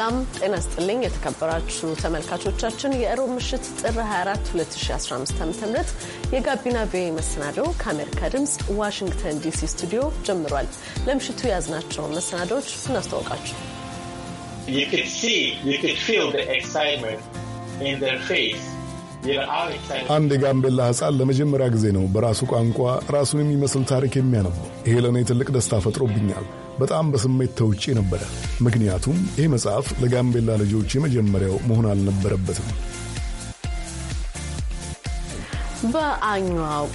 ሰላም ጤና ስጥልኝ። የተከበራችሁ ተመልካቾቻችን የእሮብ ምሽት ጥር 24 2015 ዓ.ም የጋቢና ቪኦኤ መሰናዶው ከአሜሪካ ድምፅ ዋሽንግተን ዲሲ ስቱዲዮ ጀምሯል። ለምሽቱ መሰናዳዎች መሰናዶዎች እናስተዋውቃችሁ። አንድ የጋምቤላ ሕፃን ለመጀመሪያ ጊዜ ነው በራሱ ቋንቋ ራሱን የሚመስል ታሪክ የሚያነበው። ይሄ ለእኔ ትልቅ ደስታ ፈጥሮብኛል። በጣም በስሜት ተውጬ ነበረ። ምክንያቱም ይህ መጽሐፍ ለጋምቤላ ልጆች የመጀመሪያው መሆን አልነበረበትም። በአኟ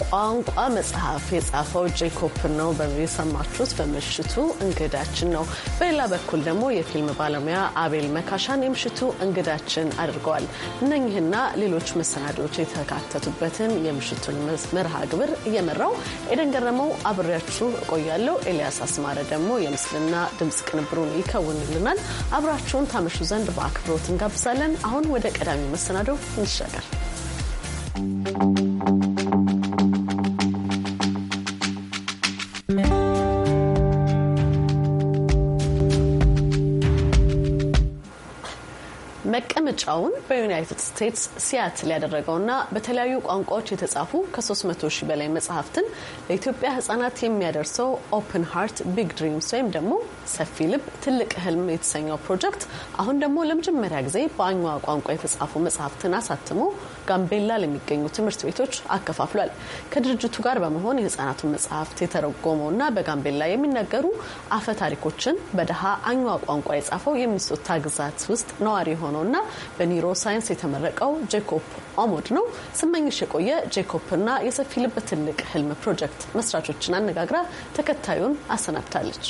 ቋንቋ መጽሐፍ የጻፈው ጄኮብ ነው የሰማችሁት። በምሽቱ እንግዳችን ነው። በሌላ በኩል ደግሞ የፊልም ባለሙያ አቤል መካሻን የምሽቱ እንግዳችን አድርገዋል። እነኚህና ሌሎች መሰናዶዎች የተካተቱበትን የምሽቱን መርሃ ግብር እየመራው ኤደን ገረመው አብሬያችሁ እቆያለሁ። ኤልያስ አስማረ ደግሞ የምስልና ድምፅ ቅንብሩን ይከውንልናል። አብራችሁን ታመሹ ዘንድ በአክብሮት እንጋብዛለን። አሁን ወደ ቀዳሚ መሰናዶ እንሻገር። መቀመጫውን በዩናይትድ ስቴትስ ሲያትል ያደረገውና በተለያዩ ቋንቋዎች የተጻፉ ከ300 ሺህ በላይ መጽሐፍትን ለኢትዮጵያ ህጻናት የሚያደርሰው ኦፕን ሃርት ቢግ ድሪምስ ወይም ደግሞ ሰፊ ልብ ትልቅ ህልም የተሰኘው ፕሮጀክት አሁን ደግሞ ለመጀመሪያ ጊዜ በአኛዋ ቋንቋ የተጻፉ መጽሐፍትን አሳትሞ ጋምቤላ ለሚገኙ ትምህርት ቤቶች አከፋፍሏል። ከድርጅቱ ጋር በመሆን የህጻናቱን መጽሐፍት የተረጎመውና በጋምቤላ የሚነገሩ አፈ ታሪኮችን በደሃ አኝዋ ቋንቋ የጻፈው የሚሶታ ግዛት ውስጥ ነዋሪ የሆነው እና በኒውሮ ሳይንስ የተመረቀው ጄኮብ አሞድ ነው። ስመኝሽ የቆየ ጄኮብና የሰፊ ልብ ትልቅ ህልም ፕሮጀክት መስራቾችን አነጋግራ ተከታዩን አሰናድታለች።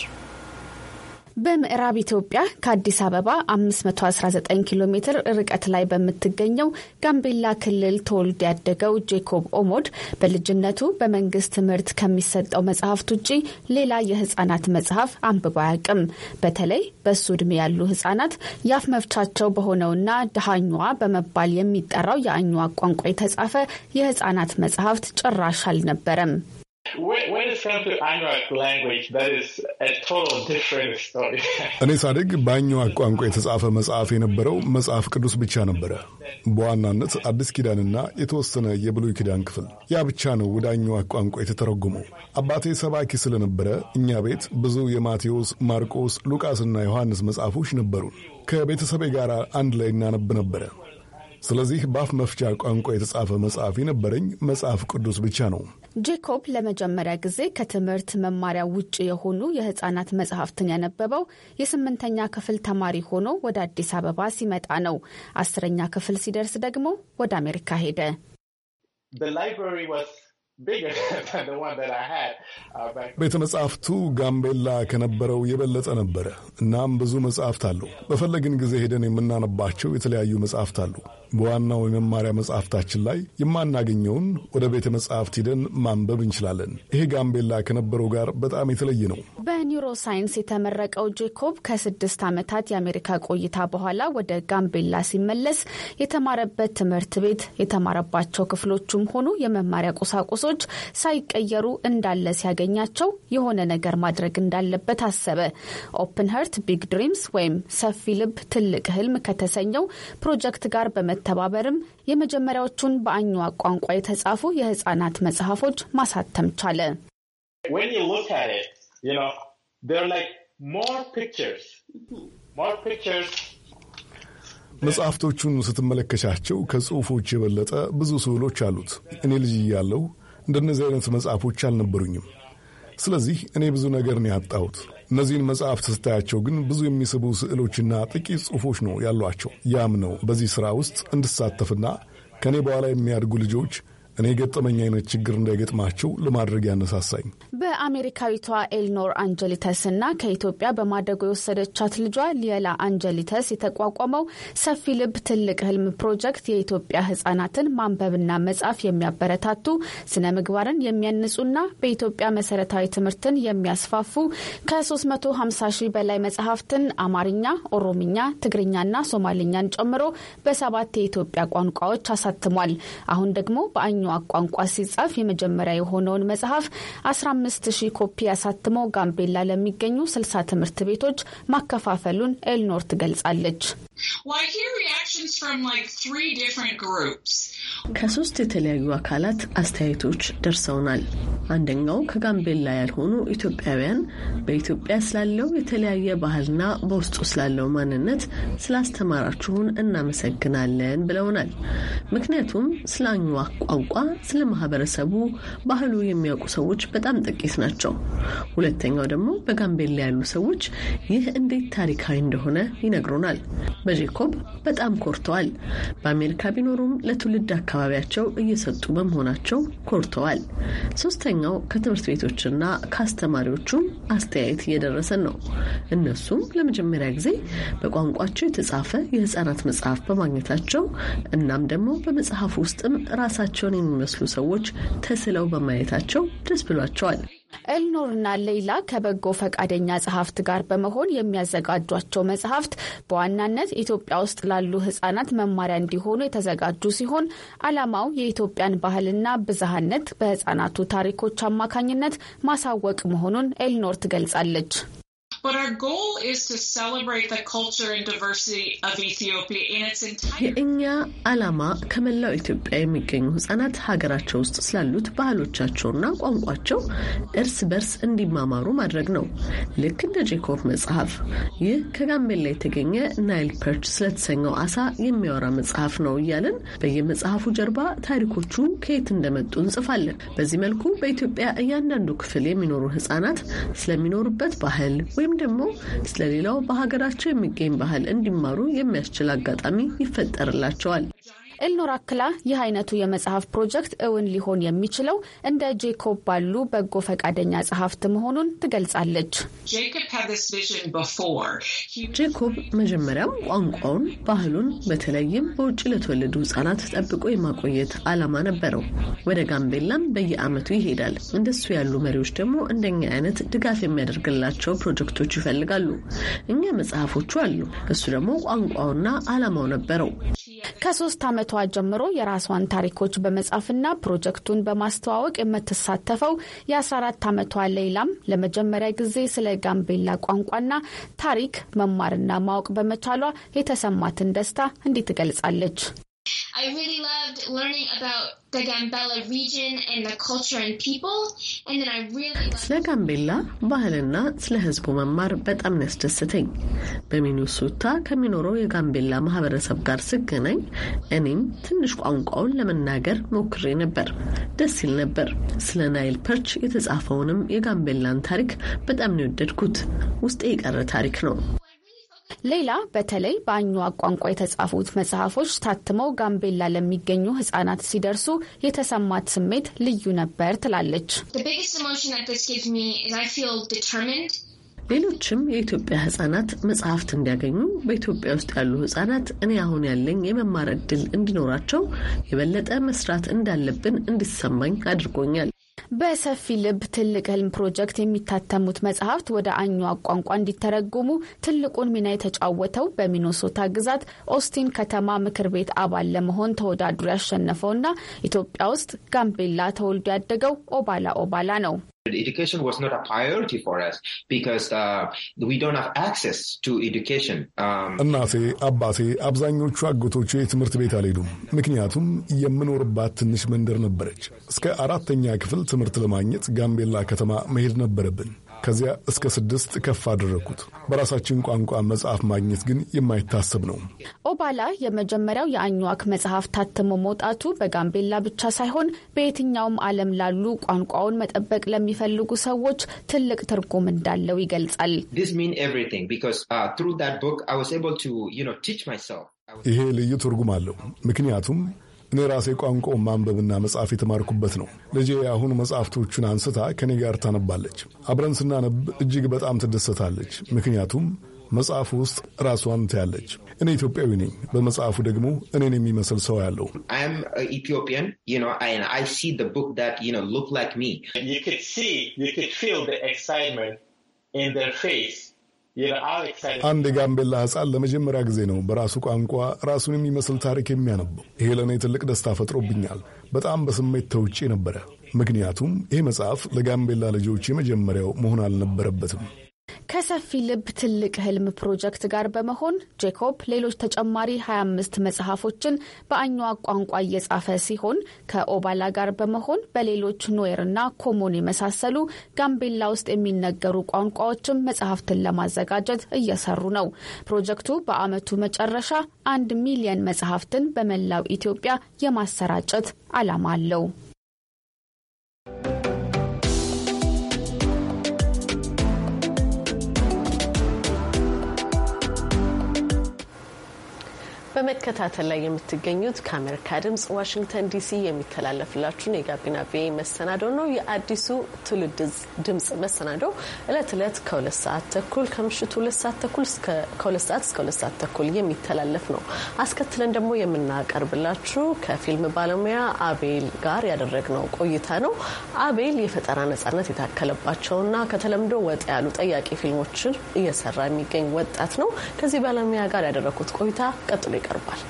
በምዕራብ ኢትዮጵያ ከአዲስ አበባ 519 ኪሎ ሜትር ርቀት ላይ በምትገኘው ጋምቤላ ክልል ተወልዶ ያደገው ጄኮብ ኦሞድ በልጅነቱ በመንግስት ትምህርት ከሚሰጠው መጽሐፍት ውጪ ሌላ የህጻናት መጽሐፍ አንብቦ አያውቅም። በተለይ በእሱ ዕድሜ ያሉ ህጻናት ያፍ መፍቻቸው በሆነውና ደሃኛዋ በመባል የሚጠራው የአኝዋ ቋንቋ የተጻፈ የህጻናት መጽሐፍት ጭራሽ አልነበረም። እኔ ሳድግ በአኟዋክ ቋንቋ የተጻፈ መጽሐፍ የነበረው መጽሐፍ ቅዱስ ብቻ ነበረ። በዋናነት አዲስ ኪዳንና የተወሰነ የብሉይ ኪዳን ክፍል። ያ ብቻ ነው ወደ አኟዋክ ቋንቋ የተተረጎመው። አባቴ ሰባኪ ስለነበረ እኛ ቤት ብዙ የማቴዎስ፣ ማርቆስ፣ ሉቃስና ዮሐንስ መጽሐፎች ነበሩን። ከቤተሰቤ ጋር አንድ ላይ እናነብ ነበረ። ስለዚህ በአፍ መፍቻ ቋንቋ የተጻፈ መጽሐፍ የነበረኝ መጽሐፍ ቅዱስ ብቻ ነው። ጄኮብ ለመጀመሪያ ጊዜ ከትምህርት መማሪያ ውጭ የሆኑ የህጻናት መጽሐፍትን ያነበበው የስምንተኛ ክፍል ተማሪ ሆኖ ወደ አዲስ አበባ ሲመጣ ነው። አስረኛ ክፍል ሲደርስ ደግሞ ወደ አሜሪካ ሄደ። uh, ቤተ መጽሐፍቱ ጋምቤላ ከነበረው የበለጠ ነበረ። እናም ብዙ መጽሐፍት አሉ። በፈለግን ጊዜ ሄደን የምናነባቸው የተለያዩ መጽሐፍት አሉ። በዋናው የመማሪያ መጽሐፍታችን ላይ የማናገኘውን ወደ ቤተ መጽሐፍት ሂደን ማንበብ እንችላለን። ይሄ ጋምቤላ ከነበረው ጋር በጣም የተለየ ነው። በኒውሮ ሳይንስ የተመረቀው ጄኮብ ከስድስት ዓመታት የአሜሪካ ቆይታ በኋላ ወደ ጋምቤላ ሲመለስ የተማረበት ትምህርት ቤት የተማረባቸው ክፍሎቹም ሆኑ የመማሪያ ቁሳቁሶች ሳይቀየሩ እንዳለ ሲያገኛቸው የሆነ ነገር ማድረግ እንዳለበት አሰበ። ኦፕን ሀርት ቢግ ድሪምስ ወይም ሰፊ ልብ ትልቅ ህልም ከተሰኘው ፕሮጀክት ጋር በመ በመተባበርም የመጀመሪያዎቹን በአኝዋ ቋንቋ የተጻፉ የህጻናት መጽሐፎች ማሳተም ቻለ። መጽሐፍቶቹን ስትመለከቻቸው ከጽሑፎች የበለጠ ብዙ ስዕሎች አሉት። እኔ ልጅ እያለሁ እንደነዚህ አይነት መጽሐፎች አልነበሩኝም። ስለዚህ እኔ ብዙ ነገር ነው ያጣሁት። እነዚህን መጽሐፍት ስታያቸው ግን ብዙ የሚስቡ ስዕሎችና ጥቂት ጽሑፎች ነው ያሏቸው። ያም ነው በዚህ ሥራ ውስጥ እንድሳተፍና ከእኔ በኋላ የሚያድጉ ልጆች እኔ የገጠመኝ አይነት ችግር እንዳይገጥማቸው ለማድረግ ያነሳሳኝ በአሜሪካዊቷ ኤልኖር አንጀሊተስ እና ከኢትዮጵያ በማደጎ የወሰደቻት ልጇ ሊየላ አንጀሊተስ የተቋቋመው ሰፊ ልብ ትልቅ ህልም ፕሮጀክት የኢትዮጵያ ህጻናትን ማንበብና መጻፍ የሚያበረታቱ ስነ ምግባርን የሚያንጹና በኢትዮጵያ መሰረታዊ ትምህርትን የሚያስፋፉ ከ350 ሺህ በላይ መጽሐፍትን አማርኛ፣ ኦሮምኛ፣ ትግርኛና ሶማሌኛን ጨምሮ በሰባት የኢትዮጵያ ቋንቋዎች አሳትሟል። አሁን ደግሞ በአኙ በአማርኛዋ ቋንቋ ሲጻፍ የመጀመሪያ የሆነውን መጽሐፍ 150 ኮፒ አሳትሞ ጋምቤላ ለሚገኙ 60 ትምህርት ቤቶች ማከፋፈሉን ኤልኖር ትገልጻለች። Well, I hear reactions from like three different groups. ከሶስት የተለያዩ አካላት አስተያየቶች ደርሰውናል። አንደኛው ከጋምቤላ ያልሆኑ ኢትዮጵያውያን በኢትዮጵያ ስላለው የተለያየ ባህልና በውስጡ ስላለው ማንነት ስላስተማራችሁን እናመሰግናለን ብለውናል። ምክንያቱም ስለ አኝዋክ ቋንቋ፣ ስለ ማህበረሰቡ ባህሉ የሚያውቁ ሰዎች በጣም ጥቂት ናቸው። ሁለተኛው ደግሞ በጋምቤላ ያሉ ሰዎች ይህ እንዴት ታሪካዊ እንደሆነ ይነግሩናል። በጄኮብ በጣም ኮርተዋል። በአሜሪካ ቢኖሩም ለትውልድ አካባቢያቸው እየሰጡ በመሆናቸው ኮርተዋል። ሶስተኛው ከትምህርት ቤቶችና ከአስተማሪዎቹም አስተያየት እየደረሰን ነው። እነሱም ለመጀመሪያ ጊዜ በቋንቋቸው የተጻፈ የህጻናት መጽሐፍ በማግኘታቸው እናም ደግሞ በመጽሐፍ ውስጥም ራሳቸውን የሚመስሉ ሰዎች ተስለው በማየታቸው ደስ ብሏቸዋል። ኤልኖርና ሌይላ ከበጎ ፈቃደኛ ጸሐፍት ጋር በመሆን የሚያዘጋጇቸው መጽሐፍት በዋናነት ኢትዮጵያ ውስጥ ላሉ ህጻናት መማሪያ እንዲሆኑ የተዘጋጁ ሲሆን ዓላማው የኢትዮጵያን ባህልና ብዝሃነት በህጻናቱ ታሪኮች አማካኝነት ማሳወቅ መሆኑን ኤልኖር ትገልጻለች። የእኛ ዓላማ ከመላው ኢትዮጵያ የሚገኙ ህጻናት ሀገራቸው ውስጥ ስላሉት ባህሎቻቸውና ቋንቋቸው እርስ በርስ እንዲማማሩ ማድረግ ነው። ልክ እንደ ጄኮብ መጽሐፍ። ይህ ከጋምቤላ የተገኘ ናይል ፐርች ስለተሰኘው አሳ የሚያወራ መጽሐፍ ነው እያለን በየመጽሐፉ ጀርባ ታሪኮቹ ከየት እንደመጡ እንጽፋለን። በዚህ መልኩ በኢትዮጵያ እያንዳንዱ ክፍል የሚኖሩ ህጻናት ስለሚኖሩበት ባህል ወይም ደግሞ ስለሌላው በሀገራቸው የሚገኝ ባህል እንዲማሩ የሚያስችል አጋጣሚ ይፈጠርላቸዋል። ኤልኖር አክላ ይህ አይነቱ የመጽሐፍ ፕሮጀክት እውን ሊሆን የሚችለው እንደ ጄኮብ ባሉ በጎ ፈቃደኛ ጸሐፍት መሆኑን ትገልጻለች። ጄኮብ መጀመሪያም ቋንቋውን፣ ባህሉን በተለይም በውጭ ለተወለዱ ህጻናት ጠብቆ የማቆየት አላማ ነበረው። ወደ ጋምቤላም በየአመቱ ይሄዳል። እንደሱ ያሉ መሪዎች ደግሞ እንደኛ አይነት ድጋፍ የሚያደርግላቸው ፕሮጀክቶች ይፈልጋሉ። እኛ መጽሐፎቹ አሉ። እሱ ደግሞ ቋንቋውና አላማው ነበረው። ከሶስት ዓመቷ ጀምሮ የራሷን ታሪኮች በመጻፍና ፕሮጀክቱን በማስተዋወቅ የምትሳተፈው የ14 ዓመቷ ሌይላም ለመጀመሪያ ጊዜ ስለ ጋምቤላ ቋንቋና ታሪክ መማርና ማወቅ በመቻሏ የተሰማትን ደስታ እንዲህ ትገልጻለች። I really loved learning about the Gambella region and the culture and people. And then I really ስለ ጋምቤላ ባህልና ስለ ሕዝቡ መማር በጣም ያስደስተኝ። በሚኒሶታ ከሚኖረው የጋምቤላ ማህበረሰብ ጋር ስገናኝ እኔም ትንሽ ቋንቋውን ለመናገር ሞክሬ ነበር። ደስ ይል ነበር። ስለ ናይል ፐርች የተጻፈውንም የጋምቤላን ታሪክ በጣም ነው የወደድኩት። ውስጤ የቀረ ታሪክ ነው። ሌላ በተለይ በአኟዋ ቋንቋ የተጻፉት መጽሐፎች ታትመው ጋምቤላ ለሚገኙ ህጻናት ሲደርሱ የተሰማት ስሜት ልዩ ነበር ትላለች። ሌሎችም የኢትዮጵያ ህጻናት መጽሐፍት እንዲያገኙ በኢትዮጵያ ውስጥ ያሉ ህጻናት እኔ አሁን ያለኝ የመማር እድል እንዲኖራቸው የበለጠ መስራት እንዳለብን እንዲሰማኝ አድርጎኛል። በሰፊ ልብ ትልቅ ህልም ፕሮጀክት የሚታተሙት መጽሐፍት ወደ አኟዋክ ቋንቋ እንዲተረጉሙ ትልቁን ሚና የተጫወተው በሚኖሶታ ግዛት ኦስቲን ከተማ ምክር ቤት አባል ለመሆን ተወዳድሮ ያሸነፈውና ኢትዮጵያ ውስጥ ጋምቤላ ተወልዶ ያደገው ኦባላ ኦባላ ነው። Education was not a priority for us because uh, we don't have access to education. Um, እናቴ አባቴ፣ አብዛኞቹ አጎቶቼ ትምህርት ቤት አልሄዱም፣ ምክንያቱም የምኖርባት ትንሽ መንደር ነበረች። እስከ አራተኛ ክፍል ትምህርት ለማግኘት ጋምቤላ ከተማ መሄድ ነበረብን። ከዚያ እስከ ስድስት ከፍ አደረግኩት። በራሳችን ቋንቋ መጽሐፍ ማግኘት ግን የማይታሰብ ነው። ኦባላ የመጀመሪያው የአኟዋክ መጽሐፍ ታትሞ መውጣቱ በጋምቤላ ብቻ ሳይሆን በየትኛውም ዓለም ላሉ ቋንቋውን መጠበቅ ለሚፈልጉ ሰዎች ትልቅ ትርጉም እንዳለው ይገልጻል። uh, ይሄ ልዩ ትርጉም አለው። ምክንያቱም እኔ ራሴ ቋንቋው ማንበብና መጻፍ የተማርኩበት ነው። ልጄ አሁን መጽሐፍቶቹን አንስታ ከኔ ጋር ታነባለች። አብረን ስናነብ እጅግ በጣም ትደሰታለች። ምክንያቱም መጽሐፉ ውስጥ ራሷን ታያለች። እኔ ኢትዮጵያዊ ነኝ። በመጽሐፉ ደግሞ እኔን የሚመስል ሰው ያለው ኢትዮጵያን አንድ የጋምቤላ ህፃን ለመጀመሪያ ጊዜ ነው በራሱ ቋንቋ ራሱን የሚመስል ታሪክ የሚያነበው። ይሄ ለእኔ ትልቅ ደስታ ፈጥሮብኛል። በጣም በስሜት ተውጬ ነበረ፣ ምክንያቱም ይህ መጽሐፍ ለጋምቤላ ልጆች የመጀመሪያው መሆን አልነበረበትም። ከሰፊ ልብ ትልቅ ህልም ፕሮጀክት ጋር በመሆን ጄኮብ ሌሎች ተጨማሪ 25 መጽሐፎችን በአኟዋክ ቋንቋ እየጻፈ ሲሆን ከኦባላ ጋር በመሆን በሌሎች ኖዌርና ኮሞን የመሳሰሉ ጋምቤላ ውስጥ የሚነገሩ ቋንቋዎችም መጽሐፍትን ለማዘጋጀት እየሰሩ ነው። ፕሮጀክቱ በአመቱ መጨረሻ አንድ ሚሊየን መጽሐፍትን በመላው ኢትዮጵያ የማሰራጨት ዓላማ አለው። በመከታተል ላይ የምትገኙት ከአሜሪካ ድምጽ ዋሽንግተን ዲሲ የሚተላለፍላችሁን የጋቢና ቪ መሰናዶ ነው። የአዲሱ ትውልድ ድምጽ መሰናዶ እለት እለት ከሁለት ሰዓት ተኩል ከምሽቱ ሁለት ሰዓት ተኩል ከሁለት ሰዓት እስከ ሁለት ሰዓት ተኩል የሚተላለፍ ነው። አስከትለን ደግሞ የምናቀርብላችሁ ከፊልም ባለሙያ አቤል ጋር ያደረግነው ቆይታ ነው። አቤል የፈጠራ ነጻነት የታከለባቸውና ከተለምዶ ወጥ ያሉ ጠያቂ ፊልሞችን እየሰራ የሚገኝ ወጣት ነው። ከዚህ ባለሙያ ጋር ያደረግኩት ቆይታ ቀጥሎ ይቀርባል።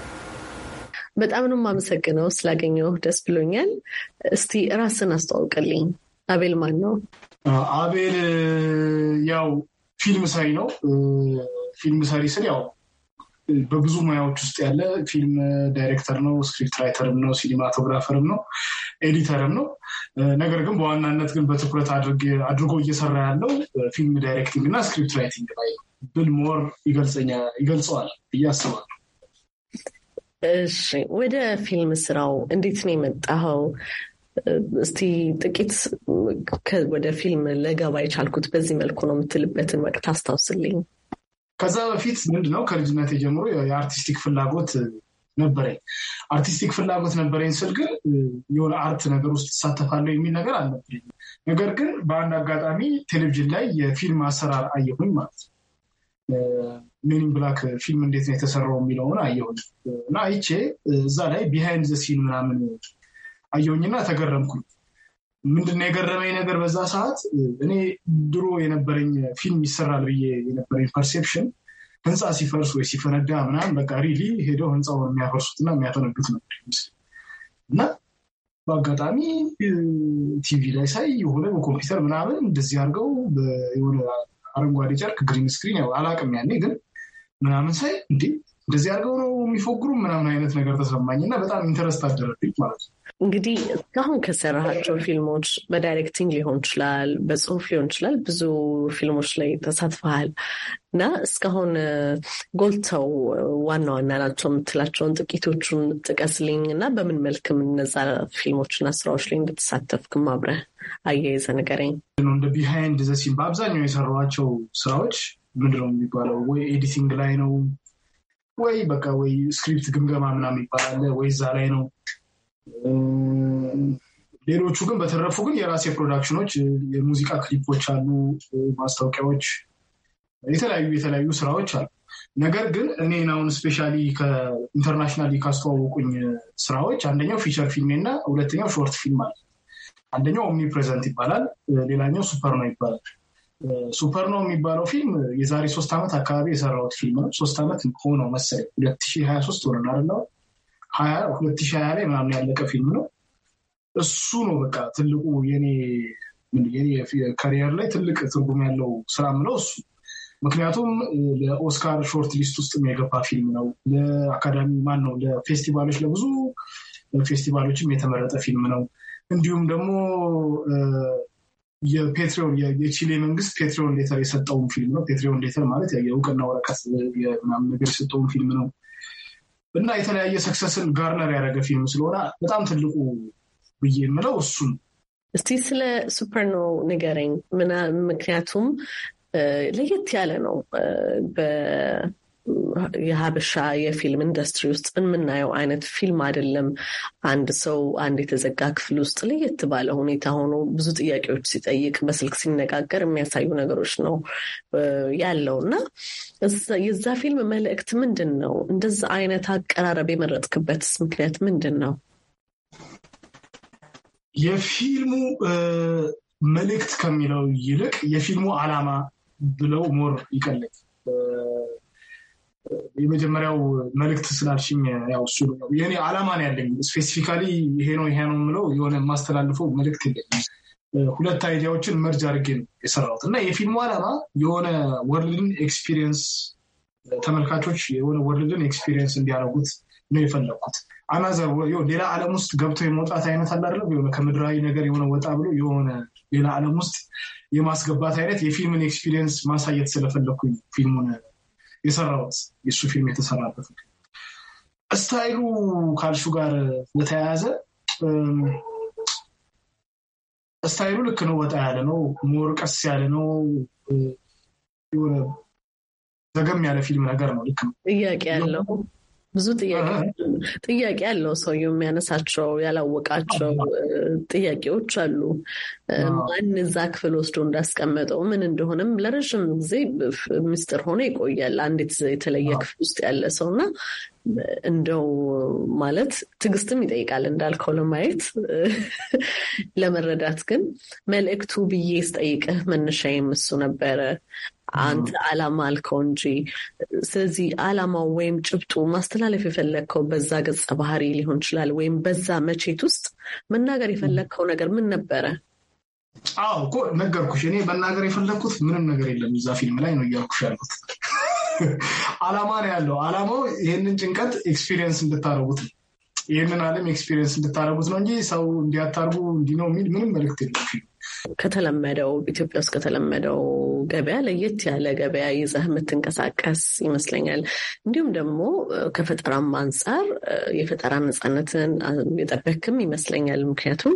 በጣም ነው የማመሰግነው። ስላገኘው ደስ ብሎኛል። እስቲ ራስን አስተዋውቅልኝ። አቤል ማን ነው? አቤል ያው ፊልም ሰሪ ነው። ፊልም ሰሪ ስል ያው በብዙ ሙያዎች ውስጥ ያለ ፊልም ዳይሬክተር ነው፣ ስክሪፕት ራይተርም ነው፣ ሲኒማቶግራፈርም ነው፣ ኤዲተርም ነው። ነገር ግን በዋናነት ግን በትኩረት አድርጎ እየሰራ ያለው ፊልም ዳይሬክቲንግ እና ስክሪፕት ራይቲንግ ላይ ብል ሞር ይገልጸዋል ብዬ አስባለሁ። እሺ ወደ ፊልም ስራው እንዴት ነው የመጣኸው? እስቲ ጥቂት ወደ ፊልም ለገባ የቻልኩት በዚህ መልኩ ነው የምትልበትን ወቅት አስታውስልኝ። ከዛ በፊት ምንድነው ከልጅነት ጀምሮ የአርቲስቲክ ፍላጎት ነበረኝ። አርቲስቲክ ፍላጎት ነበረኝ ስል ግን የሆነ አርት ነገር ውስጥ ትሳተፋለሁ የሚል ነገር አልነበረኝ። ነገር ግን በአንድ አጋጣሚ ቴሌቪዥን ላይ የፊልም አሰራር አየሁኝ ማለት ነው። ሜኒን ብላክ ፊልም እንዴት ነው የተሰራው የሚለውን አየሁኝ እና ይቼ እዛ ላይ ቢሃይንድ ዘ ሲን ምናምን አየሁኝና ተገረምኩኝ። ምንድነው የገረመኝ ነገር በዛ ሰዓት እኔ ድሮ የነበረኝ ፊልም ይሰራል ብዬ የነበረኝ ፐርሴፕሽን ህንፃ ሲፈርስ ወይ ሲፈነዳ ምናምን በቃ ሪሊ ሄደው ህንፃውን የሚያፈርሱትና የሚያፈነዱት ነው እና በአጋጣሚ ቲቪ ላይ ሳይ የሆነ በኮምፒውተር ምናምን እንደዚህ አድርገው የሆነ አረንጓዴ ጨርቅ ግሪን ስክሪን ያው አላቅም ያኔ ግን ምናምን ሳይ እንዴ እንደዚህ አድርገው ነው የሚፎግሩ ምናምን አይነት ነገር ተሰማኝ እና በጣም ኢንተረስት አደረብኝ ማለት ነው። እንግዲህ እስካሁን ከሰራሃቸው ፊልሞች በዳይሬክቲንግ ሊሆን ይችላል፣ በጽሁፍ ሊሆን ይችላል፣ ብዙ ፊልሞች ላይ ተሳትፈሃል እና እስካሁን ጎልተው ዋና ዋና ናቸው የምትላቸውን ጥቂቶቹን ጥቀስልኝ እና በምን መልክም እነዛ ፊልሞችና ስራዎች ላይ እንደተሳተፍክም አብረህ አያይዘ ንገረኝ። እንደ ቢሃይንድ ዘ ሲን በአብዛኛው የሰሯቸው ስራዎች ምንድነው የሚባለው ወይ ኤዲቲንግ ላይ ነው ወይ በቃ ወይ ስክሪፕት ግምገማ ምናምን ይባላል ወይ እዛ ላይ ነው ሌሎቹ ግን በተረፉ ግን የራሴ ፕሮዳክሽኖች የሙዚቃ ክሊፖች አሉ፣ ማስታወቂያዎች፣ የተለያዩ የተለያዩ ስራዎች አሉ። ነገር ግን እኔን አሁን ስፔሻሊ ከኢንተርናሽናል ካስተዋወቁኝ ስራዎች አንደኛው ፊቸር ፊልም እና ሁለተኛው ሾርት ፊልም አለ። አንደኛው ኦምኒ ፕሬዘንት ይባላል፣ ሌላኛው ሱፐር ነው ይባላል። ሱፐር ነው የሚባለው ፊልም የዛሬ ሶስት ዓመት አካባቢ የሰራሁት ፊልም ነው። ሶስት ዓመት ሆነው መሰለኝ ሁለት ሺህ ሀያ ሶስት ሆነን ሀያ ሁለት ሀያ ላይ ምናምን ያለቀ ፊልም ነው። እሱ ነው በቃ ትልቁ የኔ ከሪየር ላይ ትልቅ ትርጉም ያለው ስራ ምለው እሱ ምክንያቱም ለኦስካር ሾርት ሊስት ውስጥ የገባ ፊልም ነው። ለአካዳሚ ማን ነው ለፌስቲቫሎች ለብዙ ፌስቲቫሎችም የተመረጠ ፊልም ነው። እንዲሁም ደግሞ የፔትሪዮን የቺሌ መንግስት ፔትሪዮን ሌተር የሰጠውን ፊልም ነው። ፔትሪዮን ሌተር ማለት የእውቅና ወረቀት ምናምን ነገር የሰጠውን ፊልም ነው። እና የተለያየ ሰክሰስን ጋርነር ያደረገ ፊልም ስለሆነ በጣም ትልቁ ብዬ የምለው እሱን። እስቲ ስለ ሱፐርኖ ንገረኝ። ምክንያቱም ለየት ያለ ነው የሀበሻ የፊልም ኢንዱስትሪ ውስጥ የምናየው አይነት ፊልም አይደለም። አንድ ሰው አንድ የተዘጋ ክፍል ውስጥ ለየት ባለ ሁኔታ ሆኖ ብዙ ጥያቄዎች ሲጠይቅ፣ በስልክ ሲነጋገር የሚያሳዩ ነገሮች ነው ያለው እና የዛ ፊልም መልእክት ምንድን ነው? እንደዛ አይነት አቀራረብ የመረጥክበትስ ምክንያት ምንድን ነው? የፊልሙ መልእክት ከሚለው ይልቅ የፊልሙ አላማ ብለው ሞር ይቀለኝ የመጀመሪያው መልእክት ስላልሽኝ ያው እሱ ነው የኔ አላማ ነው ያለኝ። ስፔሲፊካሊ ይሄ ነው ይሄ ነው የምለው የሆነ የማስተላልፈው መልእክት የለኝም። ሁለት አይዲያዎችን መርጅ አድርጌ ነው የሰራሁት እና የፊልሙ አላማ የሆነ ወርልድን ኤክስፒሪየንስ ተመልካቾች የሆነ ወርልድን ኤክስፒሪየንስ እንዲያደርጉት ነው የፈለግኩት። አናዘር ሌላ ዓለም ውስጥ ገብቶ የመውጣት አይነት አለ የሆነ ከምድራዊ ነገር የሆነ ወጣ ብሎ የሆነ ሌላ ዓለም ውስጥ የማስገባት አይነት የፊልምን ኤክስፒሪየንስ ማሳየት ስለፈለግኩኝ ፊልሙን የሰራሁት የእሱ ፊልም የተሰራበት ስታይሉ ካልሹ ጋር የተያያዘ ስታይሉ ልክ ነው። ወጣ ያለ ነው። ሞር ቀስ ያለ ነው። የሆነ ዘገም ያለ ፊልም ነገር ነው። ልክ ነው። ጥያቄ ያለው ብዙ ጥያቄ ያለው ሰውየው የሚያነሳቸው ያላወቃቸው ጥያቄዎች አሉ። ማን እዛ ክፍል ወስዶ እንዳስቀመጠው ምን እንደሆነም ለረዥም ጊዜ ምስጢር ሆኖ ይቆያል። አንዲት የተለየ ክፍል ውስጥ ያለ ሰው እና እንደው ማለት ትዕግስትም ይጠይቃል እንዳልከው ለማየት ለመረዳት። ግን መልእክቱ ብዬ ስጠይቅህ መነሻዬም እሱ ነበረ። አንተ አላማ አልከው እንጂ። ስለዚህ አላማው ወይም ጭብጡ ማስተላለፍ የፈለግከው በዛ ገጸ ባህሪ ሊሆን ይችላል፣ ወይም በዛ መቼት ውስጥ መናገር የፈለግከው ነገር ምን ነበረ? አዎ እኮ ነገርኩሽ። እኔ መናገር የፈለግኩት ምንም ነገር የለም እዛ ፊልም ላይ ነው እያልኩሽ ያሉት አላማ ነው ያለው። አላማው ይህንን ጭንቀት ኤክስፒሪየንስ እንድታረጉት ነው ይህንን ዓለም ኤክስፒሪየንስ እንድታረጉት ነው እንጂ ሰው እንዲያታርጉ እንዲነው የሚል ምንም መልክት የለም ፊልም ከተለመደው ኢትዮጵያ ውስጥ ከተለመደው ገበያ ለየት ያለ ገበያ ይዘህ የምትንቀሳቀስ ይመስለኛል። እንዲሁም ደግሞ ከፈጠራም አንጻር የፈጠራ ነፃነትን የጠበክም ይመስለኛል። ምክንያቱም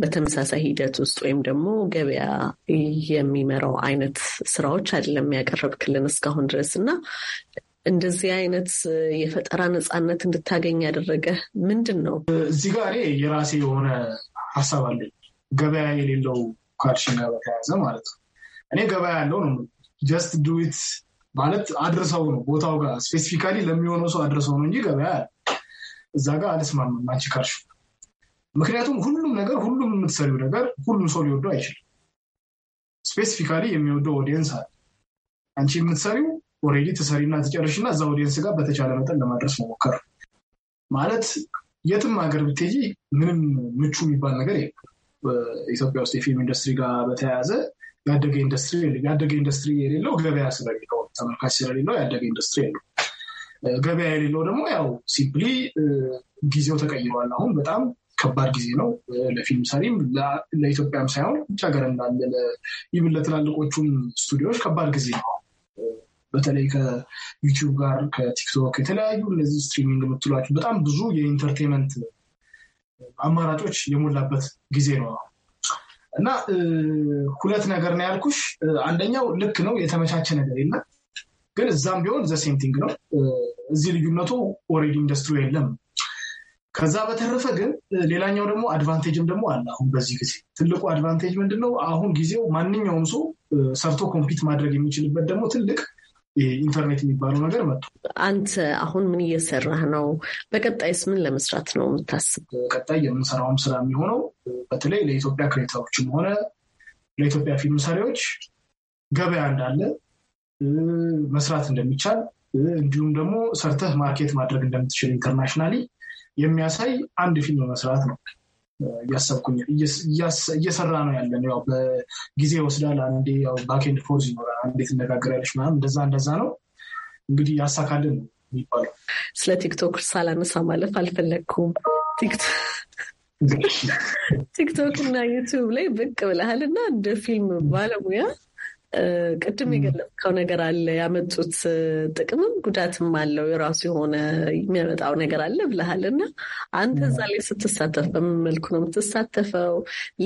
በተመሳሳይ ሂደት ውስጥ ወይም ደግሞ ገበያ የሚመራው አይነት ስራዎች አይደለም ያቀረብክልን እስካሁን ድረስ እና እንደዚህ አይነት የፈጠራ ነፃነት እንድታገኝ ያደረገ ምንድን ነው? እዚህ ጋር የራሴ የሆነ ሀሳብ አለኝ። ገበያ የሌለው ካልሽን ጋር በተያያዘ ማለት ነው። እኔ ገበያ ያለው ነው ጀስት ዱዊት ማለት አድርሰው ነው ቦታው ጋር ስፔሲፊካሊ ለሚሆነው ሰው አድርሰው ነው እንጂ ገበያ ያለ እዛ ጋር አልስማምም አንቺ ካልሽ። ምክንያቱም ሁሉም ነገር ሁሉም የምትሰሪው ነገር ሁሉም ሰው ሊወደው አይችልም። ስፔሲፊካሊ የሚወደው ኦዲየንስ አለ። አንቺ የምትሰሪው ኦሬዲ ትሰሪና ትጨርሽና እዛ ኦዲየንስ ጋር በተቻለ መጠን ለማድረስ መሞከር ማለት የትም ሀገር ብትሄጂ ምንም ምቹ የሚባል ነገር የለም። ኢትዮጵያ ውስጥ የፊልም ኢንዱስትሪ ጋር በተያያዘ ያደገ ኢንዱስትሪ ያደገ ኢንዱስትሪ የሌለው ገበያ ስለሌለው ተመልካች ስለሌለው ያደገ ኢንዱስትሪ የለው። ገበያ የሌለው ደግሞ ያው ሲምፕሊ ጊዜው ተቀይሯል። አሁን በጣም ከባድ ጊዜ ነው ለፊልም ሰሪም ለኢትዮጵያም ሳይሆን ብቻ ሀገር እንዳለ ይብን ለትላልቆቹም ስቱዲዮዎች ከባድ ጊዜ ነው። በተለይ ከዩቲዩብ ጋር ከቲክቶክ የተለያዩ እነዚህ ስትሪሚንግ የምትሏቸው በጣም ብዙ የኢንተርቴንመንት አማራጮች የሞላበት ጊዜ ነው እና ሁለት ነገር ነው ያልኩሽ። አንደኛው ልክ ነው፣ የተመቻቸ ነገር የለም። ግን እዛም ቢሆን ዘሴንቲንግ ነው። እዚህ ልዩነቱ ኦልሬዲ ኢንዱስትሪ የለም። ከዛ በተረፈ ግን ሌላኛው ደግሞ አድቫንቴጅም ደግሞ አለ። አሁን በዚህ ጊዜ ትልቁ አድቫንቴጅ ምንድን ነው? አሁን ጊዜው ማንኛውም ሰው ሰርቶ ኮምፒት ማድረግ የሚችልበት ደግሞ ትልቅ ኢንተርኔት የሚባለው ነገር መጡ። አንተ አሁን ምን እየሰራህ ነው? በቀጣይስ ምን ለመስራት ነው የምታስብ? በቀጣይ የምንሰራውም ስራ የሚሆነው በተለይ ለኢትዮጵያ ክሬታዎችም ሆነ ለኢትዮጵያ ፊልም ሰሪዎች ገበያ እንዳለ መስራት እንደሚቻል እንዲሁም ደግሞ ሰርተህ ማርኬት ማድረግ እንደምትችል ኢንተርናሽናሊ የሚያሳይ አንድ ፊልም መስራት ነው። እያሰብኩኝ እየሰራ ነው ያለን። ያው በጊዜ ይወስዳል። አንዴ ያው ባኬንድ ፎርዝ ይኖራል። አንዴ ትነጋገሪያለሽ ምናምን እንደዛ እንደዛ ነው እንግዲህ ያሳካልን ነው የሚባለው። ስለ ቲክቶክ ሳላነሳ ማለፍ አልፈለግኩም። ቲክቶክ እና ዩቲዩብ ላይ ብቅ ብለሃል እና እንደ ፊልም ባለሙያ ቅድም የገለጽከው ነገር አለ። ያመጡት ጥቅምም ጉዳትም አለው። የራሱ የሆነ የሚያመጣው ነገር አለ ብለሃል እና አንተ እዛ ላይ ስትሳተፍ በምን መልኩ ነው የምትሳተፈው?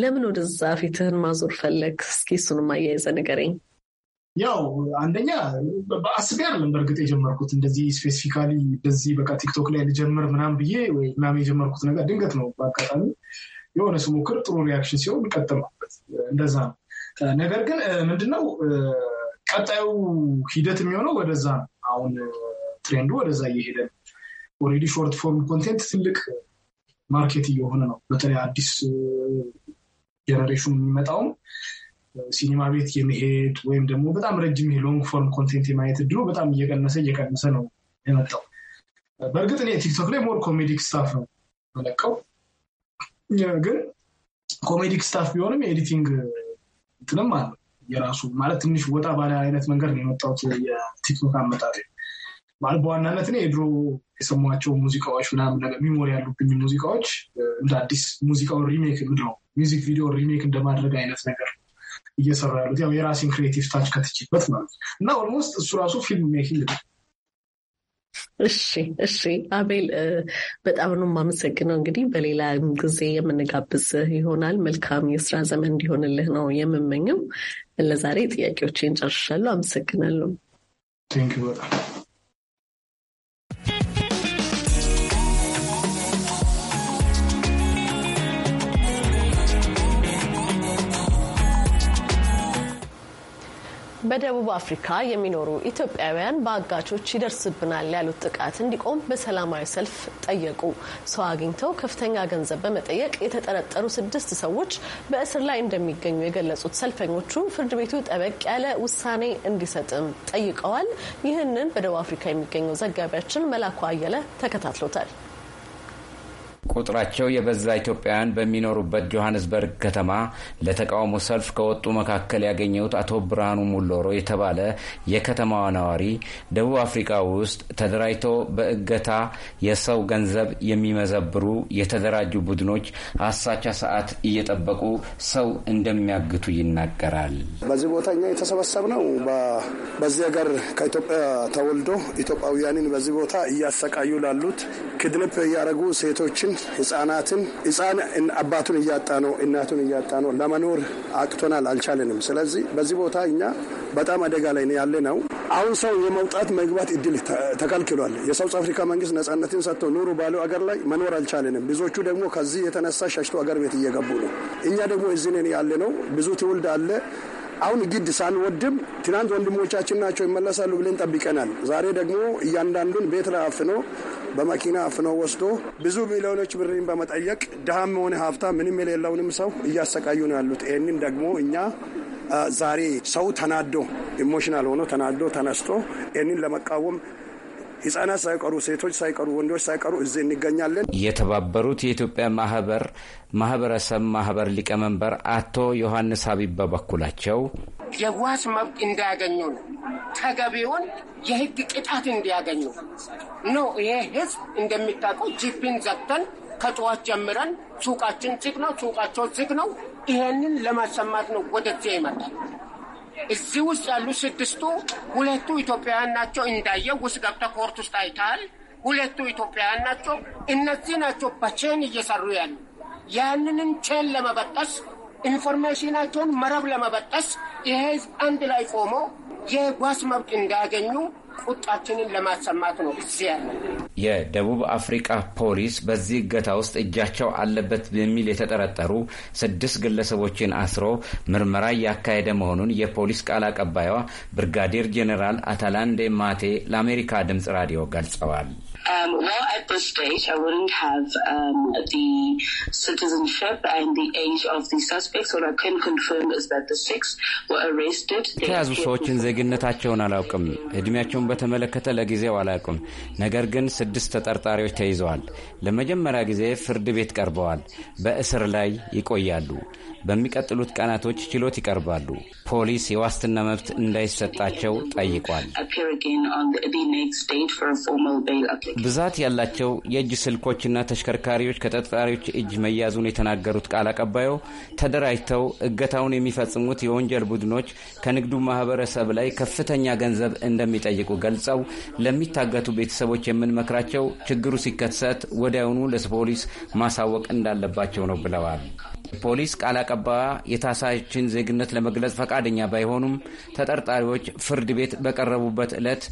ለምን ወደዛ ፊትህን ማዞር ፈለግ? እስኪ እሱንም አያይዘ ንገረኝ። ያው አንደኛ በአስቤ አይደለም በእርግጥ የጀመርኩት እንደዚህ ስፔሲፊካሊ እንደዚህ በቃ ቲክቶክ ላይ ልጀምር ምናም ብዬ ወይ ምናም የጀመርኩት ነገር ድንገት ነው። በአጋጣሚ የሆነ ስሞክር ጥሩ ሪያክሽን ሲሆን ቀጥማበት እንደዛ ነው ነገር ግን ምንድነው ቀጣዩ ሂደት የሚሆነው ወደዛ ነው። አሁን ትሬንዱ ወደዛ እየሄደ ነው። ኦልሬዲ ሾርት ፎርም ኮንቴንት ትልቅ ማርኬት እየሆነ ነው። በተለይ አዲስ ጀነሬሽኑ የሚመጣውም ሲኒማ ቤት የመሄድ ወይም ደግሞ በጣም ረጅም ሎንግ ፎርም ኮንቴንት የማየት እድሉ በጣም እየቀነሰ እየቀነሰ ነው የመጣው። በእርግጥ እኔ ቲክቶክ ላይ ሞር ኮሜዲክ ስታፍ ነው መለቀው፣ ግን ኮሜዲክ ስታፍ ቢሆንም የኤዲቲንግ እንትንም አለ የራሱ ማለት ትንሽ ወጣ ባለ አይነት መንገድ ነው የመጣሁት። የቲክቶክ አመጣጤ ማለት በዋናነት እኔ የድሮ የሰማቸው ሙዚቃዎች ምናምን ነገር ሚሞሪ ያሉብኝ ሙዚቃዎች እንደ አዲስ ሙዚቃውን ሪሜክ ምንድነው ሚዚክ ቪዲዮ ሪሜክ እንደማድረግ አይነት ነገር እየሰራ ያሉት ያው የራሴን ክሬቲቭ ታች ከትችበት ማለት እና ኦልሞስት እሱ ራሱ ፊልም ሜኪንግ ነው እሺ፣ እሺ አቤል በጣም ነው የማመሰግነው። እንግዲህ በሌላ ጊዜ የምንጋብዝህ ይሆናል። መልካም የስራ ዘመን እንዲሆንልህ ነው የምመኘው። ለዛሬ ጥያቄዎችን ጨርሻለሁ። አመሰግናለሁ። በደቡብ አፍሪካ የሚኖሩ ኢትዮጵያውያን በአጋቾች ይደርስብናል ያሉት ጥቃት እንዲቆም በሰላማዊ ሰልፍ ጠየቁ። ሰው አግኝተው ከፍተኛ ገንዘብ በመጠየቅ የተጠረጠሩ ስድስት ሰዎች በእስር ላይ እንደሚገኙ የገለጹት ሰልፈኞቹ ፍርድ ቤቱ ጠበቅ ያለ ውሳኔ እንዲሰጥም ጠይቀዋል። ይህንን በደቡብ አፍሪካ የሚገኘው ዘጋቢያችን መላኩ አየለ ተከታትሎታል። ቁጥራቸው የበዛ ኢትዮጵያውያን በሚኖሩበት ጆሀንስበርግ ከተማ ለተቃውሞ ሰልፍ ከወጡ መካከል ያገኘሁት አቶ ብርሃኑ ሙሎሮ የተባለ የከተማዋ ነዋሪ ደቡብ አፍሪካ ውስጥ ተደራጅቶ በእገታ የሰው ገንዘብ የሚመዘብሩ የተደራጁ ቡድኖች አሳቻ ሰዓት እየጠበቁ ሰው እንደሚያግቱ ይናገራል። በዚህ ቦታ እኛ የተሰበሰብ ነው በዚህ ሀገር ከኢትዮጵያ ተወልዶ ኢትዮጵያውያንን በዚህ ቦታ እያሰቃዩ ላሉት ክድንፕ እያደረጉ ሴቶችን ሴቶችን፣ ህጻናትን ህጻን አባቱን እያጣ ነው፣ እናቱን እያጣ ነው። ለመኖር አቅቶናል፣ አልቻለንም። ስለዚህ በዚህ ቦታ እኛ በጣም አደጋ ላይ ያለ ነው። አሁን ሰው የመውጣት መግባት እድል ተከልክሏል። የሳውት አፍሪካ መንግስት ነጻነትን ሰጥተው ኑሩ ባለው አገር ላይ መኖር አልቻለንም። ብዙዎቹ ደግሞ ከዚህ የተነሳ ሸሽቶ አገር ቤት እየገቡ ነው። እኛ ደግሞ እዚህ ነን ያለ ነው። ብዙ ትውልድ አለ አሁን ግድ ሳንወድም ትናንት ወንድሞቻችን ናቸው ይመለሳሉ ብለን ጠብቀናል። ዛሬ ደግሞ እያንዳንዱን ቤት ላይ አፍኖ በመኪና አፍኖ ወስዶ ብዙ ሚሊዮኖች ብርን በመጠየቅ ድሃም ሆነ ሀብታ ምንም የሌለውንም ሰው እያሰቃዩ ነው ያሉት። ይህንን ደግሞ እኛ ዛሬ ሰው ተናዶ ኢሞሽናል ሆኖ ተናዶ ተነስቶ ይህንን ለመቃወም ህጻናት ሳይቀሩ ሴቶች ሳይቀሩ ወንዶች ሳይቀሩ እዚህ እንገኛለን። የተባበሩት የኢትዮጵያ ማህበር ማህበረሰብ ማህበር ሊቀመንበር አቶ ዮሐንስ ሀቢብ በበኩላቸው የዋስ መብት እንዳያገኙ ነው ተገቢውን የህግ ቅጣት እንዲያገኙ ነው። ይሄ ህዝብ እንደሚታውቀው ጅብን ዘግተን ከጠዋት ጀምረን ሱቃችን ዝግ ነው፣ ሱቃቸው ዝግ ነው። ይሄንን ለማሰማት ነው ወደዚያ ይመጣል። እዚህ ውስጥ ያሉ ስድስቱ ሁለቱ ኢትዮጵያውያን ናቸው። እንዳየው ውስጥ ገብተህ ኮርት ውስጥ አይተሃል። ሁለቱ ኢትዮጵያውያን ናቸው። እነዚህ ናቸው በቼን እየሰሩ ያሉ ያንንን ቼን ለመበጠስ ኢንፎርሜሽናቸውን መረብ ለመበጠስ ይሄ አንድ ላይ ቆሞ የጓስ መብት እንዳያገኙ ቁጣችንን ለማሰማት ነው እዚህ ያለ። የደቡብ አፍሪቃ ፖሊስ በዚህ እገታ ውስጥ እጃቸው አለበት በሚል የተጠረጠሩ ስድስት ግለሰቦችን አስሮ ምርመራ እያካሄደ መሆኑን የፖሊስ ቃል አቀባይዋ ብርጋዴር ጄኔራል አታላንዴ ማቴ ለአሜሪካ ድምፅ ራዲዮ ገልጸዋል። Um, well, at this stage, I wouldn't have um, the citizenship and the age of the suspects. What I can confirm is that the six were arrested. የተያዙ ሰዎችን ዜግነታቸውን አላውቅም፣ እድሜያቸውን በተመለከተ ለጊዜው አላውቅም። ነገር ግን ስድስት ተጠርጣሪዎች ተይዘዋል። ለመጀመሪያ ጊዜ ፍርድ ቤት ቀርበዋል። በእስር ላይ ይቆያሉ። በሚቀጥሉት ቀናቶች ችሎት ይቀርባሉ። ፖሊስ የዋስትና መብት እንዳይሰጣቸው ጠይቋል። ብዛት ያላቸው የእጅ ስልኮችና ተሽከርካሪዎች ከጠጣሪዎች እጅ መያዙን የተናገሩት ቃል አቀባዩ ተደራጅተው እገታውን የሚፈጽሙት የወንጀል ቡድኖች ከንግዱ ማህበረሰብ ላይ ከፍተኛ ገንዘብ እንደሚጠይቁ ገልጸው ለሚታገቱ ቤተሰቦች የምንመክራቸው ችግሩ ሲከሰት ወዲያውኑ ለፖሊስ ማሳወቅ እንዳለባቸው ነው ብለዋል። ፖሊስ ቃል አቀባይዋ የታሳችን ዜግነት ለመግለጽ ፈቃደኛ ባይሆኑም ተጠርጣሪዎች ፍርድ ቤት በቀረቡበት ዕለት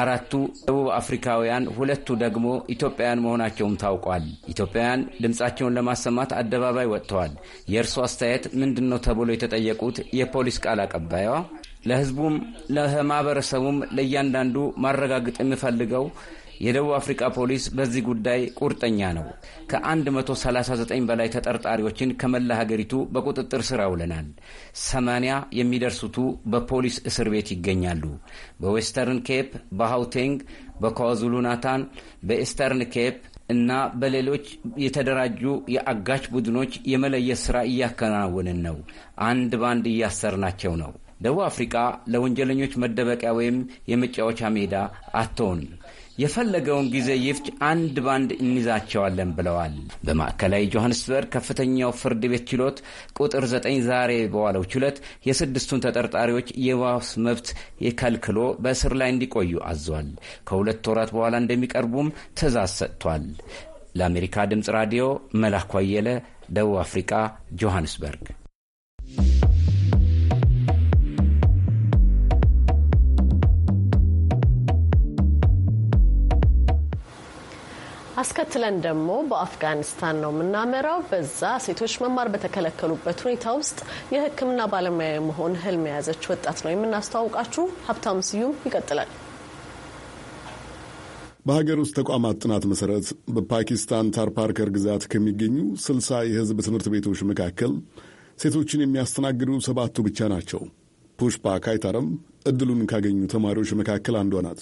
አራቱ ደቡብ አፍሪካውያን፣ ሁለቱ ደግሞ ኢትዮጵያውያን መሆናቸውም ታውቋል። ኢትዮጵያውያን ድምፃቸውን ለማሰማት አደባባይ ወጥተዋል። የእርሶ አስተያየት ምንድን ነው ተብሎ የተጠየቁት የፖሊስ ቃል አቀባይዋ ለህዝቡም፣ ለማህበረሰቡም ለእያንዳንዱ ማረጋገጥ የምፈልገው የደቡብ አፍሪካ ፖሊስ በዚህ ጉዳይ ቁርጠኛ ነው። ከ139 በላይ ተጠርጣሪዎችን ከመላ ሀገሪቱ በቁጥጥር ስር አውለናል። 80 የሚደርሱቱ በፖሊስ እስር ቤት ይገኛሉ። በዌስተርን ኬፕ፣ በሃውቴንግ፣ በኳዙሉ ናታን፣ በኢስተርን ኬፕ እና በሌሎች የተደራጁ የአጋች ቡድኖች የመለየት ስራ እያከናወንን ነው። አንድ ባንድ እያሰርናቸው ነው። ደቡብ አፍሪካ ለወንጀለኞች መደበቂያ ወይም የመጫወቻ ሜዳ አትሆንም። የፈለገውን ጊዜ ይፍጭ፣ አንድ ባንድ እንይዛቸዋለን ብለዋል። በማዕከላዊ ጆሐንስበርግ ከፍተኛው ፍርድ ቤት ችሎት ቁጥር ዘጠኝ ዛሬ በዋለው ችሎት የስድስቱን ተጠርጣሪዎች የዋስ መብት የከልክሎ በእስር ላይ እንዲቆዩ አዟል። ከሁለት ወራት በኋላ እንደሚቀርቡም ትእዛዝ ሰጥቷል። ለአሜሪካ ድምፅ ራዲዮ መላኩ አየለ፣ ደቡብ አፍሪካ ጆሐንስበርግ አስከትለን ደግሞ በአፍጋኒስታን ነው የምናመራው። በዛ ሴቶች መማር በተከለከሉበት ሁኔታ ውስጥ የሕክምና ባለሙያ መሆን ህልም የያዘች ወጣት ነው የምናስተዋውቃችሁ። ሀብታም ስዩም ይቀጥላል። በሀገር ውስጥ ተቋማት ጥናት መሰረት በፓኪስታን ታርፓርከር ግዛት ከሚገኙ ስልሳ የህዝብ ትምህርት ቤቶች መካከል ሴቶችን የሚያስተናግዱ ሰባቱ ብቻ ናቸው። ፑሽፓ ካይታረም እድሉን ካገኙ ተማሪዎች መካከል አንዷ ናት።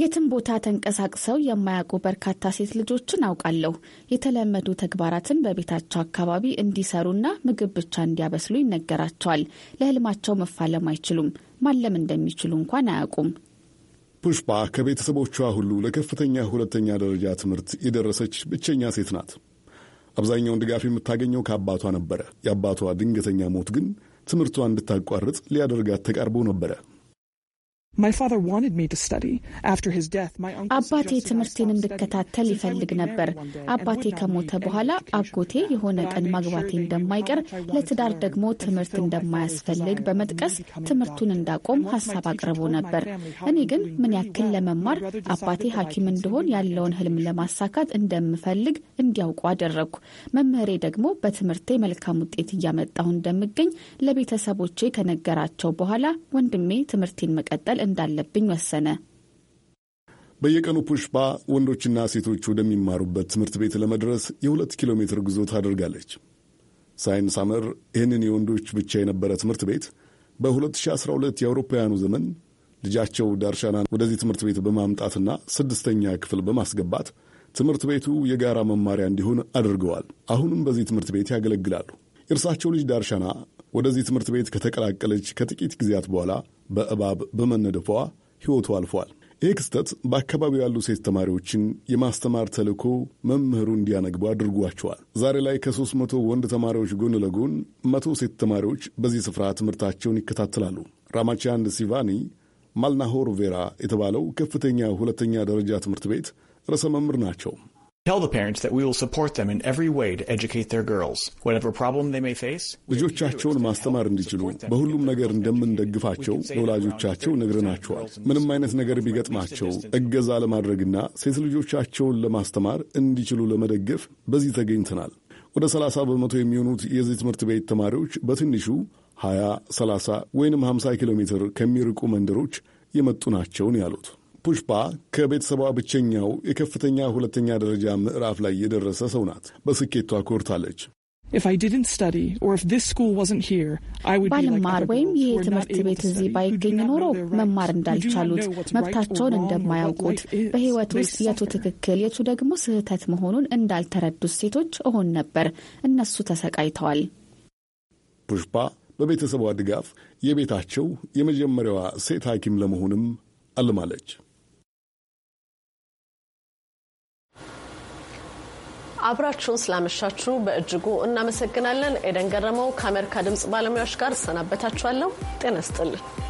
የትም ቦታ ተንቀሳቅሰው የማያውቁ በርካታ ሴት ልጆችን አውቃለሁ። የተለመዱ ተግባራትን በቤታቸው አካባቢ እንዲሰሩና ምግብ ብቻ እንዲያበስሉ ይነገራቸዋል። ለህልማቸው መፋለም አይችሉም። ማለም እንደሚችሉ እንኳን አያውቁም። ፑሽፓ ከቤተሰቦቿ ሁሉ ለከፍተኛ ሁለተኛ ደረጃ ትምህርት የደረሰች ብቸኛ ሴት ናት። አብዛኛውን ድጋፍ የምታገኘው ከአባቷ ነበረ። የአባቷ ድንገተኛ ሞት ግን ትምህርቷ እንድታቋርጥ ሊያደርጋት ተቃርቦ ነበረ። አባቴ ትምህርቴን እንድከታተል ይፈልግ ነበር። አባቴ ከሞተ በኋላ አጎቴ የሆነ ቀን ማግባቴ እንደማይቀር ለትዳር ደግሞ ትምህርት እንደማያስፈልግ በመጥቀስ ትምህርቱን እንዳቆም ሀሳብ አቅርቦ ነበር። እኔ ግን ምን ያክል ለመማር አባቴ ሐኪም እንደሆን ያለውን ህልም ለማሳካት እንደምፈልግ እንዲያውቁ አደረግኩ። መምህሬ ደግሞ በትምህርቴ መልካም ውጤት እያመጣሁ እንደምገኝ ለቤተሰቦቼ ከነገራቸው በኋላ ወንድሜ ትምህርቴን መቀጠል እንዳለብኝ ወሰነ። በየቀኑ ፑሽፓ ወንዶችና ሴቶች ወደሚማሩበት ትምህርት ቤት ለመድረስ የሁለት ኪሎ ሜትር ጉዞ ታደርጋለች። ሳይን ሳመር ይህንን የወንዶች ብቻ የነበረ ትምህርት ቤት በ2012 የአውሮፓውያኑ ዘመን ልጃቸው ዳርሻናን ወደዚህ ትምህርት ቤት በማምጣትና ስድስተኛ ክፍል በማስገባት ትምህርት ቤቱ የጋራ መማሪያ እንዲሆን አድርገዋል። አሁንም በዚህ ትምህርት ቤት ያገለግላሉ። የእርሳቸው ልጅ ዳርሻና ወደዚህ ትምህርት ቤት ከተቀላቀለች ከጥቂት ጊዜያት በኋላ በእባብ በመነደፏ ሕይወቱ አልፏል። ይህ ክስተት በአካባቢው ያሉ ሴት ተማሪዎችን የማስተማር ተልእኮ መምህሩ እንዲያነግቡ አድርጓቸዋል። ዛሬ ላይ ከሦስት መቶ ወንድ ተማሪዎች ጎን ለጎን መቶ ሴት ተማሪዎች በዚህ ስፍራ ትምህርታቸውን ይከታተላሉ። ራማቻንድ ሲቫኒ ማልናሆር ቬራ የተባለው ከፍተኛ ሁለተኛ ደረጃ ትምህርት ቤት ርዕሰ መምህር ናቸው። Tell the parents that we will support them in every way to educate their girls. Whatever problem they may face. ልጆቻቸውን ማስተማር እንዲችሉ በሁሉም ነገር እንደምንደግፋቸው ለወላጆቻቸው ነግረናቸዋል። ምንም አይነት ነገር ቢገጥማቸው እገዛ ለማድረግና ሴት ልጆቻቸውን ለማስተማር እንዲችሉ ለመደገፍ በዚህ ተገኝተናል። ወደ 30 በመቶ የሚሆኑት የዚህ ትምህርት ቤት ተማሪዎች በትንሹ 20፣ 30 ወይንም 50 ኪሎ ሜትር ከሚርቁ መንደሮች የመጡ ናቸውን ያሉት ፑሽፓ ከቤተሰቧ ብቸኛው የከፍተኛ ሁለተኛ ደረጃ ምዕራፍ ላይ የደረሰ ሰው ናት። በስኬቷ ኮርታለች። ባልማር ወይም ይህ ትምህርት ቤት እዚህ ባይገኝ ኖሮ መማር እንዳልቻሉት፣ መብታቸውን እንደማያውቁት፣ በህይወት ውስጥ የቱ ትክክል የቱ ደግሞ ስህተት መሆኑን እንዳልተረዱት ሴቶች እሆን ነበር። እነሱ ተሰቃይተዋል። ፑሽፓ በቤተሰቧ ድጋፍ የቤታቸው የመጀመሪያዋ ሴት ሐኪም ለመሆንም አልማለች። አብራችሁን ስላመሻችሁ በእጅጉ እናመሰግናለን። ኤደን ገረመው ከአሜሪካ ድምፅ ባለሙያዎች ጋር እሰናበታችኋለሁ። ጤና ይስጥልን።